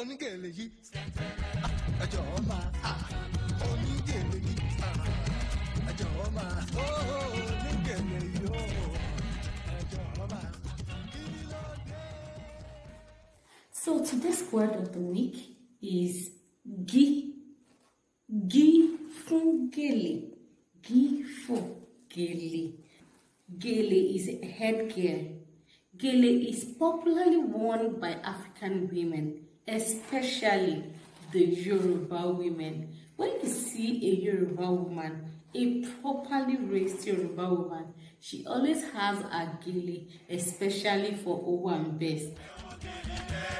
Ah, ah, ah, oh, oh, so today's word of the week is gi gi fún Gèlè is headgear. Gèlè is popularly worn by African women especially the Yoruba women. When you see a Yoruba woman, a properly raised Yoruba woman, she always has a gilly, especially for Owa and Best.